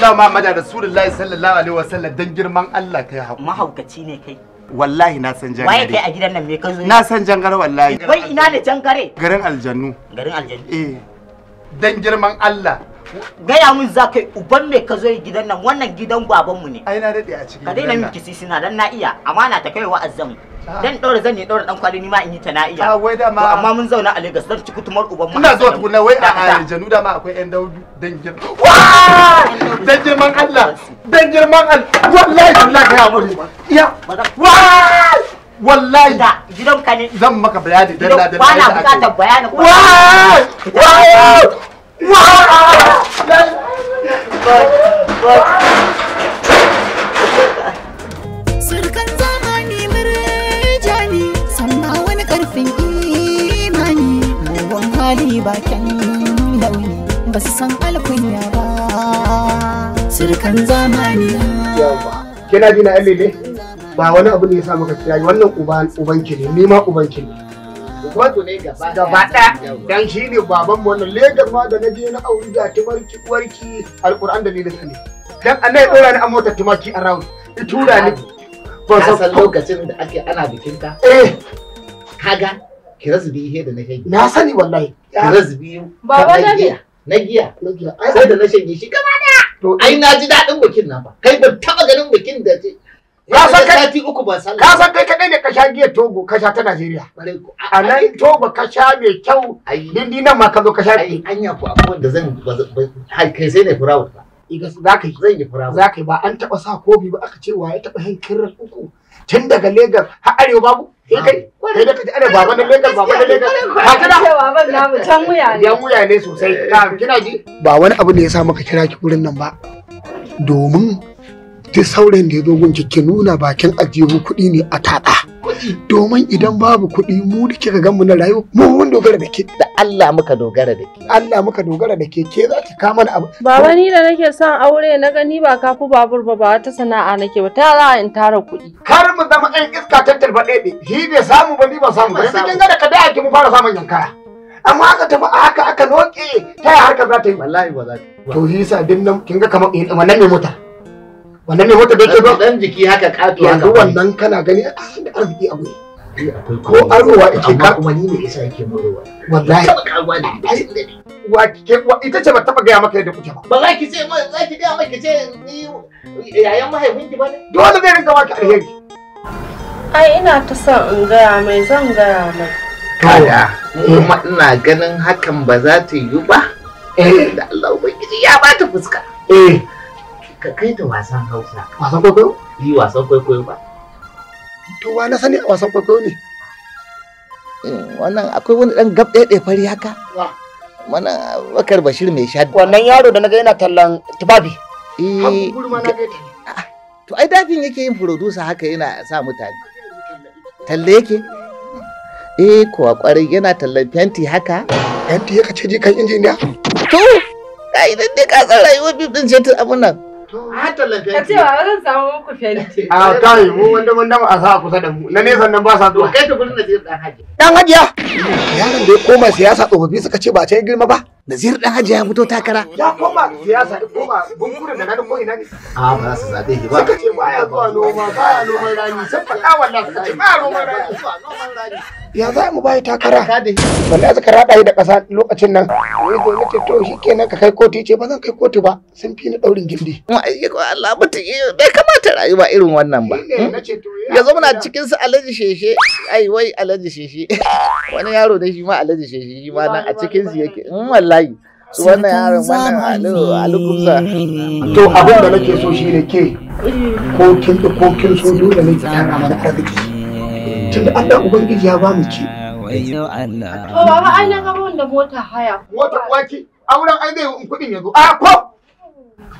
sallallahu Muhammadu Rasulullahi sallallahu alaihi wasallam dan girman Allah kai haƙuri. Mahaukaci ne kai. Wallahi na san jangare. Waye kai a gidan nan me ka zo? Na san jangare wallahi. Wai ina ne jangare? Garin aljannu. Garin aljannu. Eh. Dan girman Allah. Gaya mun za kai uban me ka zo gidan nan wannan gidan babanmu ne. Ai na daɗe a cikin. Ka daina min kisisi na dan na iya amana ta kai wa'azzan. dan dora zan ne dora dan kwali ni ma in yi ta na'iya a wai ma amma mun zauna a Lagos zan ci kutumar uban mu ina zuwa tukuna wai a Aljanu ma akwai ƴan Daudu dan girman dan girman Allah dan girman Allah wallahi wallahi ka yamuri iya wallahi da gidan ka ne zan maka bayani dalla dalla ba na bukatar bayani ko wa wa wa hali bakin nauyi ba su san alkunya ba surkan zamani kina ji na alele ba wani abu ne ya sa maka kira wannan uban ubanki ne nima ubanki ne wato ne gaba ɗaya dan shi ne baban wannan legas ma da na je na auri da tumarki warki alquran da ne da sani dan annai dora ni an motar tumaki a rawu tura ni ba san lokacin da ake ana bikin eh. ka eh kaga ki razubi ihe da na shanye na sani wallahi ki razubi baba na giya na giya na giya sai da na shanye shi gaba daya to ai na ji daɗin bikin na ba kai ban taɓa ganin bikin da ce ka san kai sati uku ban sallah ka san kai kaɗai ne ka sha giya togo ka sha ta Najeriya a nan togo ka sha mai kyau dindi nan ma ka zo ka sha ai anya ku abubuwan da zan kai sai ne furawa ba za ka yi zan yi furawa za ka yi ba an taɓa sa kofi ba aka ce wa ya taba hankirar uku tun daga Legas har Arewa babu kai, ne. Ka Ba wani abu ne ya sa maka kira ki wurin nan ba. Domin duk saurayin da ya zo gunki ki nuna bakin ajiyu kuɗi ne a taɗa. domin idan babu kuɗi mu da kika gan mu na rayuwa mu mun dogara da ke da Allah muka dogara da ke Allah muka dogara da ke ke za ki mana abu baba ni da nake son aure na gani ba kafu babur ba ba ta sana'a nake ba ta za in tara kuɗi kar mu zama ɗan iska tantar ba ɗaya shi bai samu ba ni ba samu ba sai kin ga da ka da ki mu fara samun yankaya amma aka tafi haka aka noke ta harkar za ta yi wallahi ba za ta to shi yasa din nan kin ga kamar nan ne mota wannan ne wata dake ba dan jiki haka kafi haka wannan kana gani a ah, da arziki abu eh, ko arowa ake ka kuma ni ne yasa yake murowa wallahi taba karuwa ne wa ita ce ba taba gaya maka yadda kuke ba ba za ki ce ma za ki gaya maka ce ni yayan mahaifinki ba ne dole zai rinka maka alheri ai ina ta son in gaya mai zan gaya mai Kaya. kuma ina ganin hakan ba za ta yi ba Eh, da Allah ubangiji ya ta fuska eh ka kai ta wasan hausa wasan kwaikwayo yi wasan kwaikwayo ba to wa na sani a wasan kwaikwayo ne hmm, wannan akwai wani dan gab ɗaya fari haka mana bakar bashir mai sha wannan yaro da naga yana tallan tufafi eh ah, to ai dafin yake yin producer haka yana sa mutane talle yake eh kuwa kwarai yana tallan fenti haka fenti ya kace je kan injiniya to ai dan dai ka san rayuwar bibin ce ta abun nan hatta lafiya ka ce ba zan samu muku fenti a kai mu wanda mun dama a sa kusa da mu na nesa nan ba sa zuwa kai ta gurin da dan haji dan hajiya yaron da ya koma siyasa tsofaffi suka ce ba ta girma ba Nazir dan Hajji ya fito takara. Ya koma siyasa duk koma bunkurin da nan ko ina ne. A ba za su zabe shi ba. Suka ce baya zuwa noma baya noman rani sun faɗa wannan suka ce baya noman rani zuwa noman rani. Ya za mu bayi takara. Wanda suka raɗa yi da ƙasa lokacin nan. Ya zo na ce to shi kenan ka kai kotu ce ba zan kai kotu ba sun fi ni ɗaurin gindi. Ma'aikata Allah mutum bai kamata rayuwa irin wannan ba. Hmm? Ya zama na cikin su alaji sheshe ai wai alaji sheshe wani yaro da shi ma alaji sheshe shi ma nan a cikin su yake in hmm, wallahi wallahi su wannan yaron wannan alu to abin da nake so shi ne ke ko kin ko kin so dole ne ki kana mana arziki tunda Allah ubangiji ya ba mu ki to baba ai na ga wanda mota haya mota kuwa ki auren ai zai yanzu a ko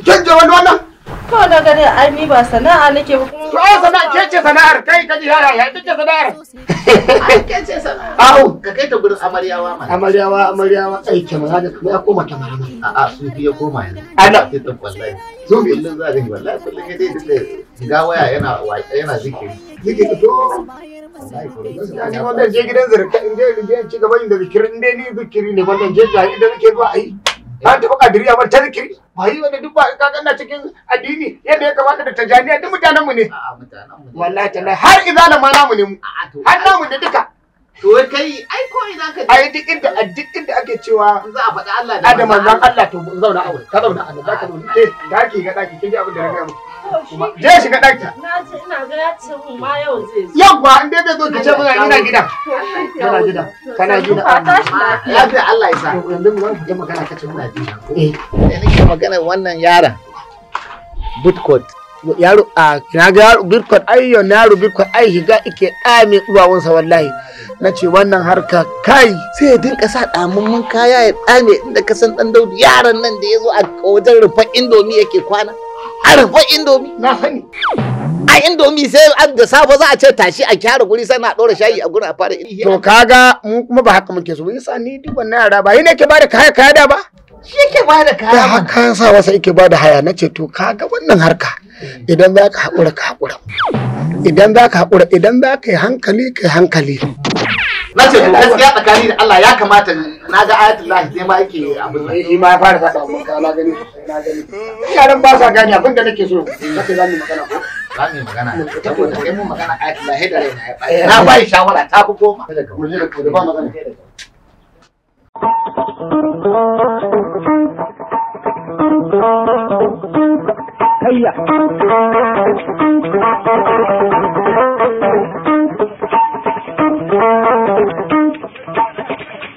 kin je wani wannan Kawai na gani ai ni ba sana'a nake ba kuma. To sana'a ke ce sana'ar kai ka ji yara ya ke ce sana'ar. Ai ke ce sana'ar. Au ka kai ta gurin amaryawa ma. Amaryawa amaryawa ai kyamara da kuma ya koma kyamara ma. A'a su biya koma yanzu. Ana ce ta wallahi. Su biya kullun za ka yi wallahi kullum ya dai dinda ga waya yana yana zikiri. Yake ka to. Ni wannan je gidan zarka in je in ci gaba da zikirin dai ni zikiri ne wannan je ga idan ke zuwa ai. an taɓa kadiriya bar ta zikiri ba yi wani duk ba kaga na cikin addini yadda ya kamata da tajaniya duk mutanen mu ne wallahi tallahi har izala ma namu ne mu har namu ne duka to kai ai ko ina ka ai duk inda duk inda ake cewa za a faɗi Allah da manzon Allah to zauna a wurin ka zauna a nan zaka zauna eh daki ga daki kin ji abin da na gaya muku Je shiga ɗaki. Na ji ina ga ya ce mun ma yau zai zo. Yawwa in dai zai zo mana ina gida. Kana gidan. Kana Allah ya sa. Yanzu magana kace muna Eh. magana wannan yaran Bootcoat. yaro a na ga yaro bitcoin ai yau na yaro bitcoin ai shiga ike ɗame ɗuwawansa wallahi na ce wannan harka kai sai ya dinka sa mun kaya ya ɗame inda ka san ɗan daudu yaran nan da ya zo a wajen rufa indomi yake kwana arfa indomi na sani a indomi sai an da safe za a ce tashi a kyara guri sai na dora shayi a gurin a fara to kaga mu kuma ba haka muke so ba sa ni duk wannan yara ba yana ke bada kaya kaya da ba shi ke bada kaya da haka sa wasa yake bada haya na ce to kaga wannan harka idan za ka haƙura ka haƙura idan za ka haƙura idan za ka yi hankali ka yi hankali na ce to gaskiya tsakani da Allah ya kamata na ga ayatul lahi sai ma yake abin eh, shi ma ya fara saka mun ka na gani na gani yaran ba sa gani abin da nake so kace zamu magana ko zamu magana eh. na shawara ta fi goma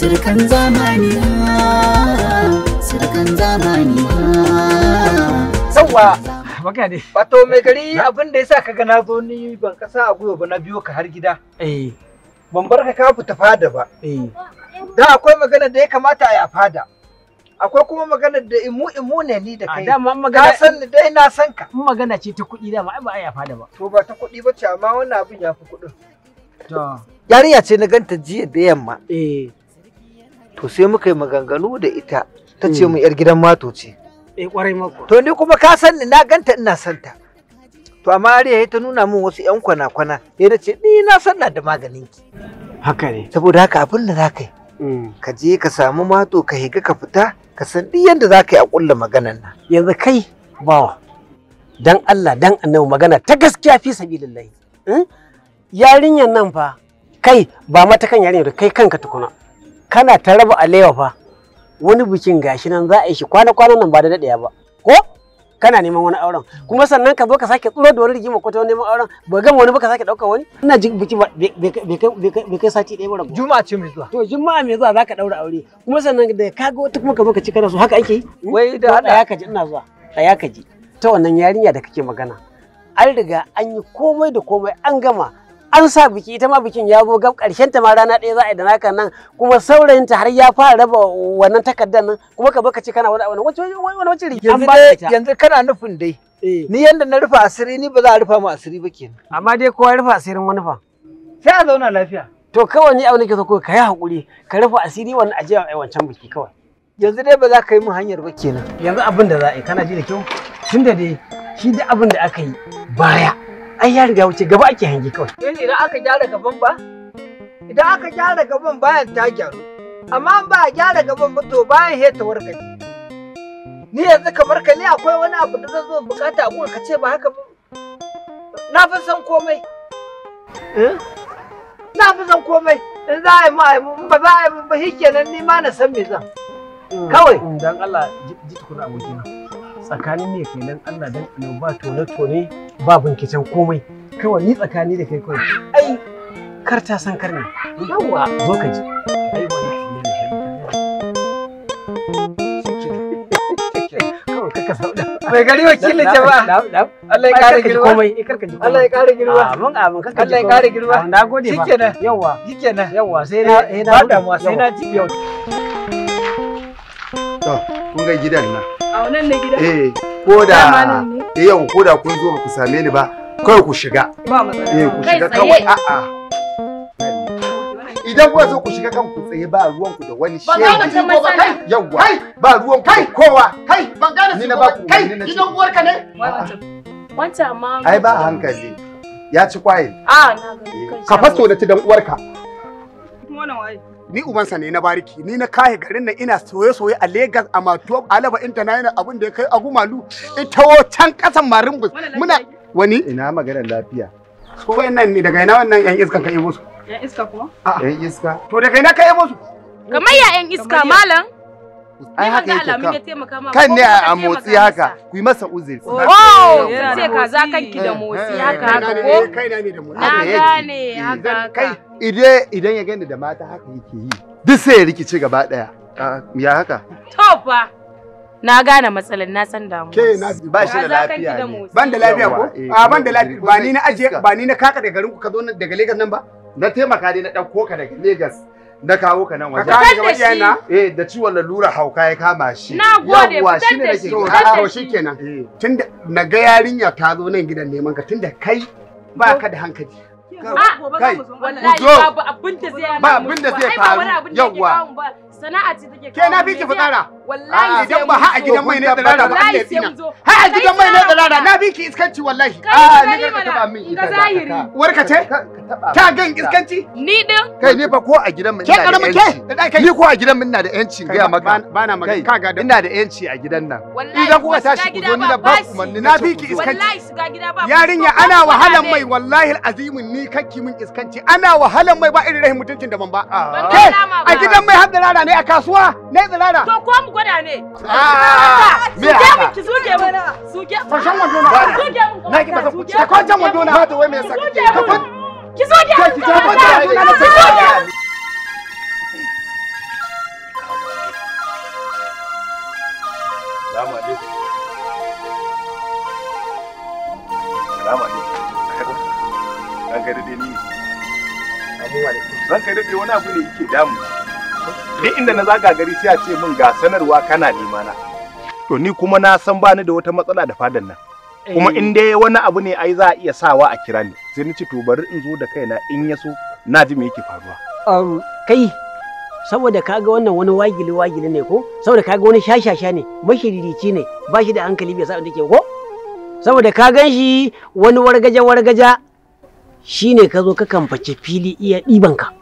sirkan zamani sirkan zamani yawa baka ne wato mai gari abin da yasa kaga na zo ni ban kasa a gwiwa ba na biyo ka har gida eh ban bar ka ka fita fada ba eh da akwai magana da ya kamata a yi a fada akwai kuma magana da imu imu ne ni da kai dama magana ka san ni dai na san ka magana ce ta kuɗi dama ai ba ai a fada ba to ba ta kuɗi ba ce amma wannan abin ya fi kuɗin to yarinya ce na ganta jiya da yamma eh to sai muka yi maganganu da ita ta ce hmm. mu yar gidan mato ce eh kwarai mako to ni kuma ka san ni na ganta ina santa to amma Ariya ta nuna min wasu yan kwana-kwana ya da ce ni na san na da maganin ki haka ne saboda haka abin da zaka yi hmm. ka je ka samu mato ka higa ka fita ka san duk yanda zaka yi a kullu maganan nan yanzu kai bawa dan Allah dan annabi magana ta gaskiya fi sabilillahi hmm? yarinyar nan fa kai ba mata kan yarinyar kai kanka tukuna kana ta raba alewa fa wani bikin gashi nan za a yi shi kwana kwana nan ba da daɗaya ba ko kana neman wani auren kuma sannan ka zo ka sake tsoro da wani rigima ko ta neman auren ba gama wani ba ka sake ɗaukar wani ina jin biki bai kai sati ɗaya ba juma'a ce mai zuwa to juma'a mai zuwa zaka ɗaura aure kuma sannan da ka ga wata kuma ka zo ka ci kana so haka ake yi hmm? wai da hada ya kaji ina zuwa ya kaji ta wannan yarinya da kake magana an riga an yi komai da komai an gama an sa biki ita ma bikin ya zo gab karshen ta ma rana ɗaya za a yi da naka nan kuma saurayin ta har ya fara raba wannan takardar nan kuma ka baka ce kana wani wani wani wani wani yanzu dai yanzu kana nufin dai eh. ni yanda na rufa asiri ni ba za a rufa mu asiri ba kenan amma dai kowa rufa asirin wani fa sai a zauna lafiya to kawai ni abin da ke so ka yi hakuri ka rufa asiri wannan ajiyar a wancan biki kawai yanzu dai ba za ka yi mu hanyar ba kenan yanzu abin da za a yi kana ji da kyau tunda dai shi da abin da aka yi baya ai ya riga wuce gaba ake hangi kawai yanzu idan aka gyara gaban ba idan aka gyara gaban bayan ta gyaru amma ba a gyara gaban ba to bayan he ta warkace ni yanzu kamar ka ni akwai wani abu da zan zo bukata a ka ce ba haka ba na fi san komai eh? na fi san komai in za a yi ma ba za a yi ba shi kenan ni ma na san me zan mm. kawai mm, dan Allah ji tukuna abokina tsakanin ne kai nan Allah dan annabi ba tone tone ba binkicen komai kawai ni tsakani da kai kawai ai kar ta san kar ne yawa zo ka ji ai wannan ne ne mai gari wakilin jama'a Allah ya kare girma eh, Allah ya kare girma amin amin karka Allah ya kare girma na gode eh, eh, ba shikenan yawa shikenan yawa sai na sai na damuwa sai na ji yau to kun ga gidan nan A wannan ne gida? Eh, ko da eh yau ko da kun zo ba ku same ni ba, kawai ku shiga. Ba matsala. Eh, ku shiga kawai a'a. idan kuwa zo ku shiga kan ku tsaye ba ruwan ku da wani shege ba kai yawa ba ruwan ku kowa kai ban gane su ba kai gidan uwar ka ne wancan ma ai ba hankali ya ci kwaye a ah, na ga eh, ka fasto da ta dan uwarka kuma wannan waye ni ubansa ne na bariki ni na kaye garin nan ina soye-soye a Legas a Matuwa Alaba International abin da ya kai Agumalu ita can kasan Marimbus muna wani ina magana lafiya ko wannan ne daga ina wannan yan iska ka yebo su yan iska kuma a yan iska to daga ina ka yebo su kamar ya yan iska malam ai haka yake kan kan ne a motsi haka ku yi masa uzuri oh ka kaza kanki da motsi eh, eh, haka haka eh, ko kai na ne da motsi haka yake kai ide idan ya gani da mata haka yake yi duk sai ya rikice gaba daya ah, ya haka to fa na gane matsalar na san damuwa ke na ba shi da lafiya ban da lafiya ko a eh, ah, ban da lafiya eh, ba ni eh, na aje ba ni na kaka daga garin ku ka zo daga Lagos nan ba na taimaka dai na dauko ka daga Lagos na kawo ka nan wajen. Ka kawo ga yana? Eh da ciwon lalura hauka ya kama shi. Na gode shi ne nake kawo shi kenan. Tunda na ga yarinya ta zo nan gidan neman ka tunda kai ba ka da hankali. kai wallahi babu zai ba abin da zai faru yawa Sana'a take Ke na fi ki fitsara. Wallahi idan ba ha a gidan mai ne tsirara ba Allah ya Ha a gidan mai ne tsirara na fi ki iskanci wallahi. A ni ka taba min Ga zahiri. Warka ce? Ka iskanci? Ni din. Kai ni fa ko a gidan mai ina da yanci. Ni ko a gidan mai ina da yanci ga maka. Ba maka ka ga ina da yanci a gidan nan. Idan kuka tashi ku zo ni da ba ku manni na fi ki iskanci. Wallahi shiga gida ba. Yarinya ana wahalan mai wallahi alazimin ni kakki min iskanci. Ana wahalan mai ba irin rahin mutuncin da ban ba. a gidan mai har da rana ne a kasuwa ne tsirara to ko mu gwada ne ah, ah, ah, suke mu ki suke mu suke fashan wando na suke mu na ki bata ta kwancan wando na ta wai me yasa ki ta kwan ki suke mu ki ta kwancan wando na daɗe wani abu ne yake damu. duk inda na zaga gari sai a ce min ga sanarwa kana na. to ni kuma na san bani da wata matsala da fadan nan kuma eh. in dai wani abu ne ai za a iya sawa a kira ni sai ni ci to bari in zo da kaina in ya so na ji me yake faruwa um kai saboda kaga wannan wani wagili wagili ne ko saboda kaga wani shashasha ne mashiririci ne ba shi da hankali bai sa da ke ko saboda ka gan shi wani wargaja wargaja shine ka zo ka kamface fili iya ɗiban ka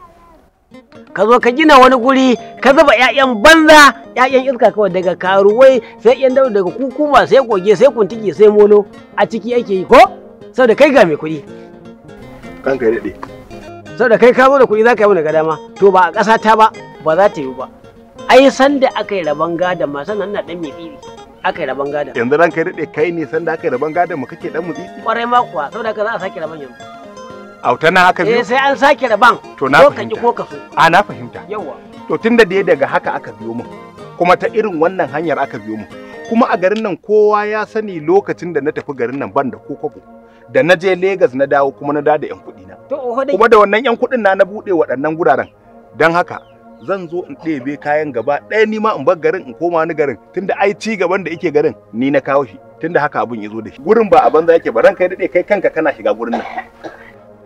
ka zo ka gina wani guri ka zuba 'ya'yan banza 'ya'yan iska kawai daga karuwai sai ƴan dawo daga kukuma sai goge sai kuntigi sai molo a ciki ake yi ko saboda kai ga mai kuɗi kanka ya daɗe saboda kai ka zo da kuɗi za ka yi daga dama to ba a ƙasa ta ba ba za ta yi ba ai sanda aka yi rabon gadon ma sannan na ɗan mai aka yi rabon gadon yanzu ranka ya daɗe kai ne sanda aka yi rabon gadon mu kake ɗan mu tsiri ƙwarai ma kuwa saboda ka za a sake rabon yanzu auta na aka eh, biyo sai an sake raban to na fahimta ko ka so a na fahimta yawa to tunda da daga haka aka biyo mu kuma ta irin wannan hanyar aka biyo mu kuma a garin nan kowa ya sani lokacin da na tafi garin nan ban da kokobo da na je Legas na dawo kuma na da yan kuɗi na kuma da wannan yan kuɗin na na buɗe waɗannan guraren don haka zan zo in ɗebe kayan gaba ɗaya ni ma in bar garin in koma ni garin tunda ai ci gaban da yake garin ni na kawo shi tunda haka abun ya zo da shi gurin ba a banza yake ba ran kai daɗe kai kanka kana shiga gurin nan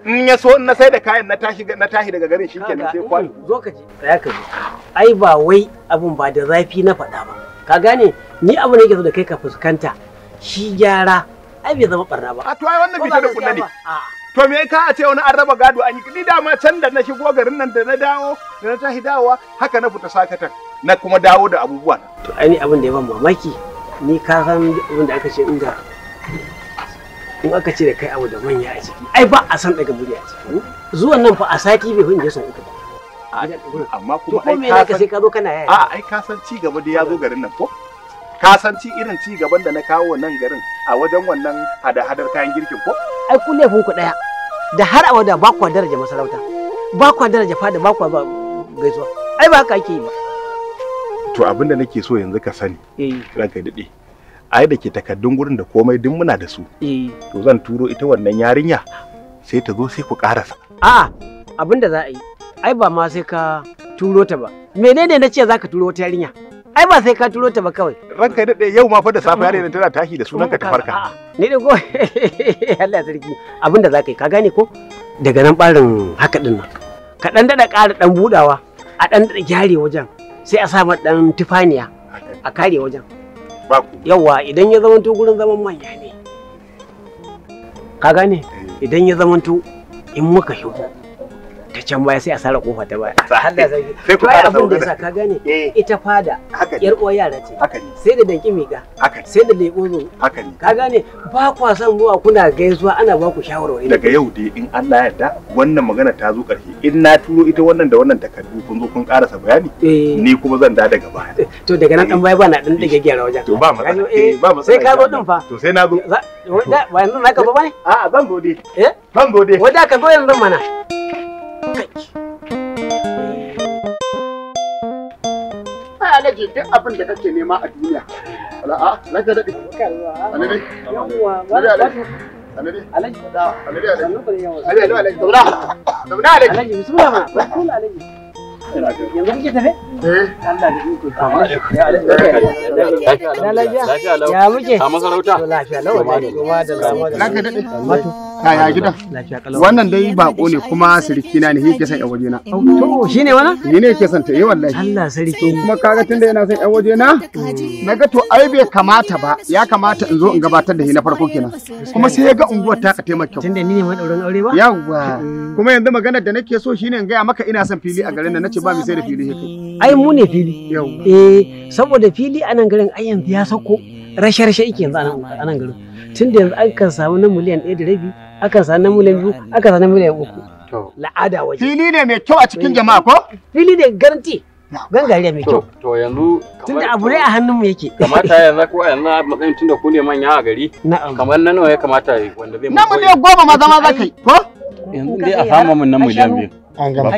in ya so na sai da kayan na tashi na tashi daga garin shikenan sai kwalo zo ka je tsaya ka je ai ba wai abun ba da zafi na faɗa ba ka gane ni abu ne yake so da kai ka fuskanta shi gyara ai bai zama barna ba a to ai wannan bishe da kunne ne to me ka a ce wani an raba gado an yi ni dama can da na shigo garin nan da na dawo da na tashi dawowa haka na fita sakatan na kuma dawo da abubuwan to ai ni abin da ya ban mamaki ni ka san abin da aka ce inda in aka ce da kai abu da manya a ciki ai ba a san daga buri a ciki zuwan nan fa a sati bai hunje sau uku ba amma kuma ai ka ka sai ka zo kana yaya a ai ka san ci gaba da ya zo garin nan ko ka san ci irin ci gaban da na kawo nan garin a wajen wannan hada-hadar kayan girkin ko ai ku ne ku daya da har a wada ba ku daraja masarauta ba ku daraja fada ba ba gaisuwa ai ba haka ake yi ba to abin da nake so yanzu ka sani eh. ranka daɗe ai da ke takaddun gurin da komai duk muna da su eh. to zan turo ita wannan yarinya sai ta zo sai ku karasa a'a abin da za a yi ai ba ma sai ka turo ta ba menene na ce za ka turo wata yarinya ai ba sai ka turo ta ba kawai ranka daɗe yau ma fa da safe yare tana tashi da sunanka ta farka ni da go Allah sarki abinda za ka yi ka gane ko daga nan barin haka din nan ka dan daɗa ƙara dan budawa a dan daɗa gyare wajen sai a sa ma dan tufaniya a kare wajen yawa idan ya zamanto gurin zaman manya ne ka gane eh. idan ya zamanto in muka shigo ta can baya sai a sara kofa ta baya Allah sai ku fara abin da ka gane eh. ita fada yar uwa yara ce sai da danki miga haka sai da leƙo zo haka ne ka gane ba kwa son zuwa kuna gaisuwa ana ba ku shawarwari daga yau dai in Allah ya yarda wannan magana ta zo ƙarshe in na turo ita wannan da wannan takardu kun zo kun karasa bayani eh. ni kuma zan da daga baya eh, to daga nan dan eh. baya ba na dan dage gyara wajen to ba ma ba matsala sai ka zo din fa to sai na zo ba yanzu na ka zo bane a'a zan zo eh zan zo wanda ka zo yanzu mana kai alaji duk abin da kake nema a duniya ala'a A Lafiya da lawa da lawa kaya gida? Wannan dai bako ne kuma siriki na ne yake son yan wajena. To shi ne wannan? Ni ne yake son ta yi eh, wallahi. Allah sarki. Kuma kaga tunda yana san yan wajena? Na ga to ai bai kamata ba ya kamata in zo in gabatar da shi na farko kenan. Kuma sai ya ga unguwar ta ka taimaka. Tunda ni ne mai dauran aure ba? yawa mm. Kuma yanzu magana da nake so shine in gaya maka ina son fili a garin nan nace ba mu sai da fili kai. Ai mu ne fili. Yawwa. Eh saboda fili a nan garin ai yanzu ya sako rashe-rashe yake yanzu a nan garin. Tunda yanzu an kan samu na miliyan ɗaya da rabi akan sa na miliyan biyu akan sa na miliyan uku la'ada waje fili ne mai kyau a cikin jama'a ko fili ne garanti gangare mai kyau to yanzu tunda abu ne a hannun mu yake kamata yanzu ko yanzu a matsayin tunda ku ne manya a gari kamar na nawa ya kamata wanda zai na miliyan goma maza ma za ka yi ko yanzu dai a samu mun na miliyan biyu an gama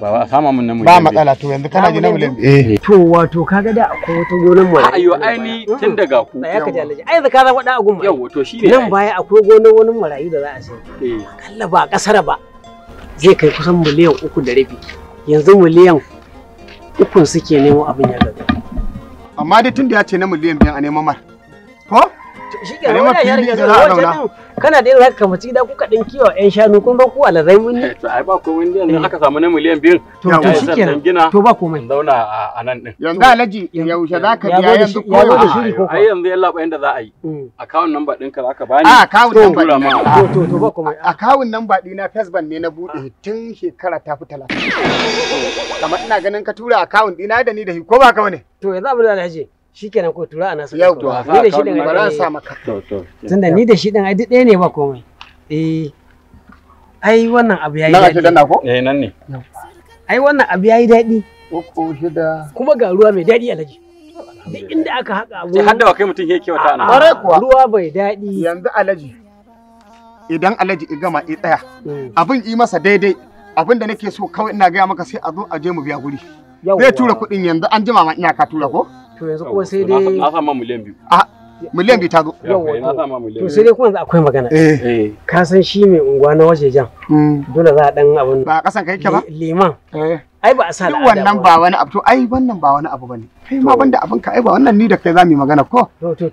ba ba a sama mun na miliyan ba matsala to yanzu kana ji na miliyan eh to wato ka ga da akwai wata gonan mu ayo ai ni tun daga ku ya ka jalaji ai zaka za faɗa a gumma yawa to shine nan baya akwai gonan wani marayu da za a sai eh kalla ba kasara ba zai kai kusan miliyan uku da rabi yanzu miliyan ukun suke nemo abin ya gaba. amma dai tun da ya ce na miliyan biyan a neman mar ko shi ke nan wannan yaran yanzu wancan kana da yanzu kama mace da kuka din kiwo yan shanu kun ba ku alazai mun ne to ai ba komai ne yanzu eh. aka samu na miliyan biyu to shi ke nan to ba komai zauna a nan din yanzu alaji yaushe zaka biya yanzu ko ya shiri ko ai yanzu yalla bayan da za a yi mm. account number ɗinka zaka bani a ah, account number to ah, to to ba komai ah. account number ɗina facebook ne na bude tun shekara ta fi talata kamar ina ganin ka tura account ɗina da ni da shi ko ba ka bane to yanzu abin da na ce shikenan ko tura ana saka to ni da shi din ba sa maka to to tunda ni da shi din ai duk ɗaya ne ba komai eh ai wannan abu yayi nan ake danna ko eh nan ne ai wannan abu yayi daɗi uku shida kuma ga ruwa mai daɗi alaji duk inda aka haƙa abu sai hadda kai mutum yake wata ana mare kuwa ruwa bai daɗi yanzu alaji idan alaji i gama i tsaya hmm. abin yi masa daidai abin da nake so kawai ina gaya maka sai a zo a je mu biya guri zai tura kuɗin yanzu an jima ma ina ka tura ko to yanzu kuma sai dai na sa ma miliyan biyu a ah, miliyan biyu ta zo to sai dai kuma yanzu akwai magana eh. Eh. ka san shi mai unguwa na wajejen mm. dole za a dan abin ba a kasan kai ke ba liman eh. ai ba a sa al'ada wannan ba wani abu ai wannan ba wani abu bane kai ma banda abin ka ai ba wannan ni da kai zamu yi magana ko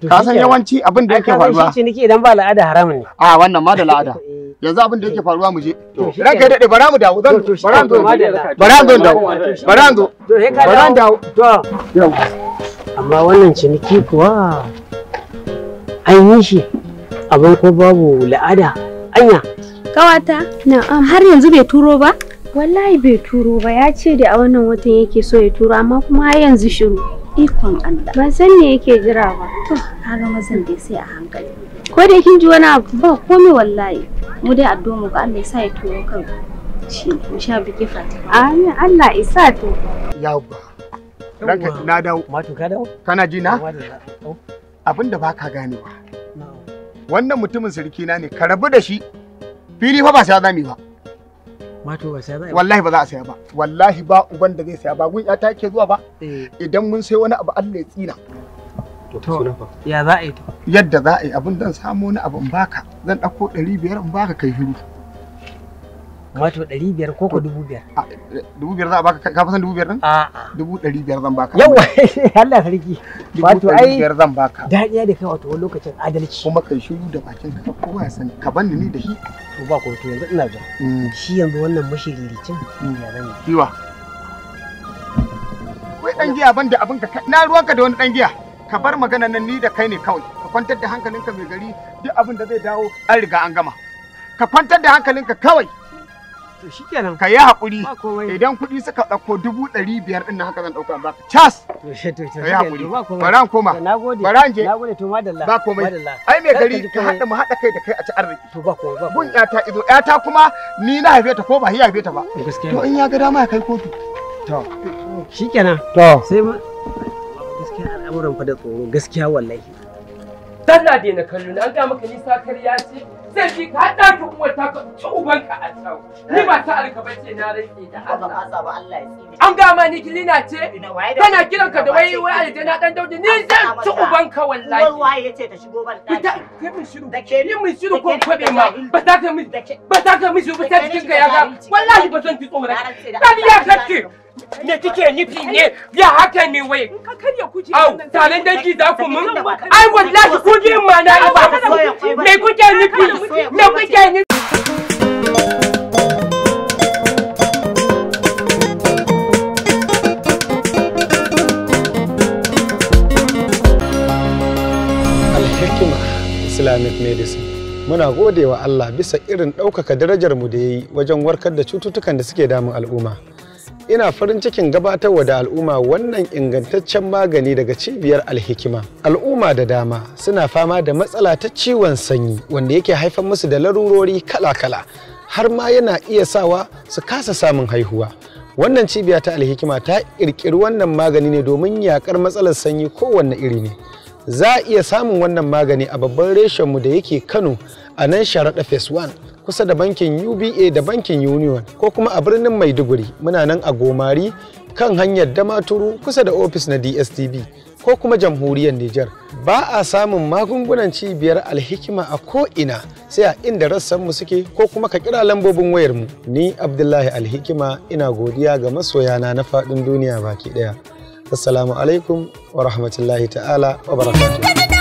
ka san yawanci abin da yake faruwa shi nake idan ba al'ada haramun ne a ah, wannan ma da al'ada eh. yanzu abin da yake faruwa mu je kai dade bara mu dawo zan bara mu bara mu dawo bara mu bara mu dawo to amma wannan ciniki kuwa an yi shi abin ko babu la'ada anya kawata na'am har yanzu bai turo ba wallahi bai turo ba ya ce da a wannan watan yake so ya turo amma kuma har yanzu shiru ikon Allah ban san me yake jira ba to kaga mazan dai sai a hankali ko da kin ji wani abu ba komai wallahi mu dai addu'a mu ga Allah ya sa ya turo kan shi mu sha biki fatima amin Allah ya sa to yawa ranka na dawo to ka dawo kana ji na abinda baka ganewa wannan mutumin sirki na ne ka rabu da shi fili fa ba sai zame ba Mato ba ba. Wallahi ba za a saya ba. Wallahi ba uban da zai saya ba. Gun ta take zuwa ba. Eh. Idan mun sai wani abu Allah ya tsina. To ya za a yi? Yadda za a yi abin dan samu wani abu in baka. Zan ɗauko ɗari biyar in baka kai hiru. wato ɗari biyar ko ko dubu biyar dubu biyar za a baka ka san dubu biyar din dubu ɗari biyar zan baka yawa Allah sarki wato ai biyar zan baka dadiya da kai wato lokacin adalci kuma kai shiru da bakin ka kowa ya sani ka banni ni da shi to ba ko to yanzu ina ga mm. shi yanzu wannan mashiriricin mm. ya zan yi kiwa kai dan giya ban da abin ka na ruwanka da wani dan giya ka bar magana nan ni da kai ne kawai ka kwantar da hankalinka mai gari duk abin da zai dawo an riga an gama ka kwantar da hankalinka kawai To shikenan. Ka yi haƙuri. Idan kuɗi suka ɗauko dubu ɗari biyar ɗin haka zan ɗauka ba. Cas. Ka yi haƙuri. Baran koma. Nagode. Baran je. Ba komai. Ai mai gari ka haɗa mu haɗa kai da kai a ci arziki. To ba komai ba. Gun ƴata izo ƴata kuma ni na haife ta ko ba hi haife ta ba. To in ya ga dama ya kai kotu. To. Shikenan. To. Sai ma. Gaskiya al'amuran fa da tsoro gaskiya wallahi. Dalla dai na kallo na an ga maka ni sakar ce. sai ka haɗa ta ta ci ubanka a ni ba ta na rage da Allah ba ba Allah ya tsine an ma ni kilina ce tana kiran ka da wai wai aljana dan daudi ni zan ci ubanka wallahi uwar yace ta shigo ban daki kai min shiru da ke min shiru ko kwabe ma ba ta ka min ba ta min shiru ba ta cikin ka ya ga wallahi ba zan ji tsoron ka ya kake me kike nufi ne ya haka ne wai ka karya kuje au talan dangi za ku mun ai wallahi kuje ma na ba Islamic Medicine muna gode wa Allah bisa irin ɗaukaka darajar mu da ya yi wajen warkar da cututtukan da suke damun al'umma. ina farin cikin gabatarwa da al'umma wannan ingantaccen magani daga cibiyar alhikima al'umma da dama suna fama da matsala ta ciwon sanyi wanda yake haifar musu da larurori kala-kala har ma yana iya sawa su kasa samun haihuwa wannan cibiya ta alhikima ta ƙirƙiri wannan magani ne domin yaƙar matsalar sanyi kowanne iri ne za a iya samun wannan magani a babban reshenmu da yake kano a nan sharaɗa phase 1 kusa da bankin uba da bankin union ko kuma a birnin maiduguri muna nan a gomari kan hanyar damaturu kusa da ofis na dstv ko kuma jamhuriyar niger ba a samun magungunan cibiyar alhikima a ko'ina sai a inda rassanmu suke ko kuma ka kira lambobin wayarmu ni abdullahi alhikima ina godiya ga masoyana na faɗin duniya baki ɗaya assalamu alaikum wa rahmatullahi ta'ala wa barakatuh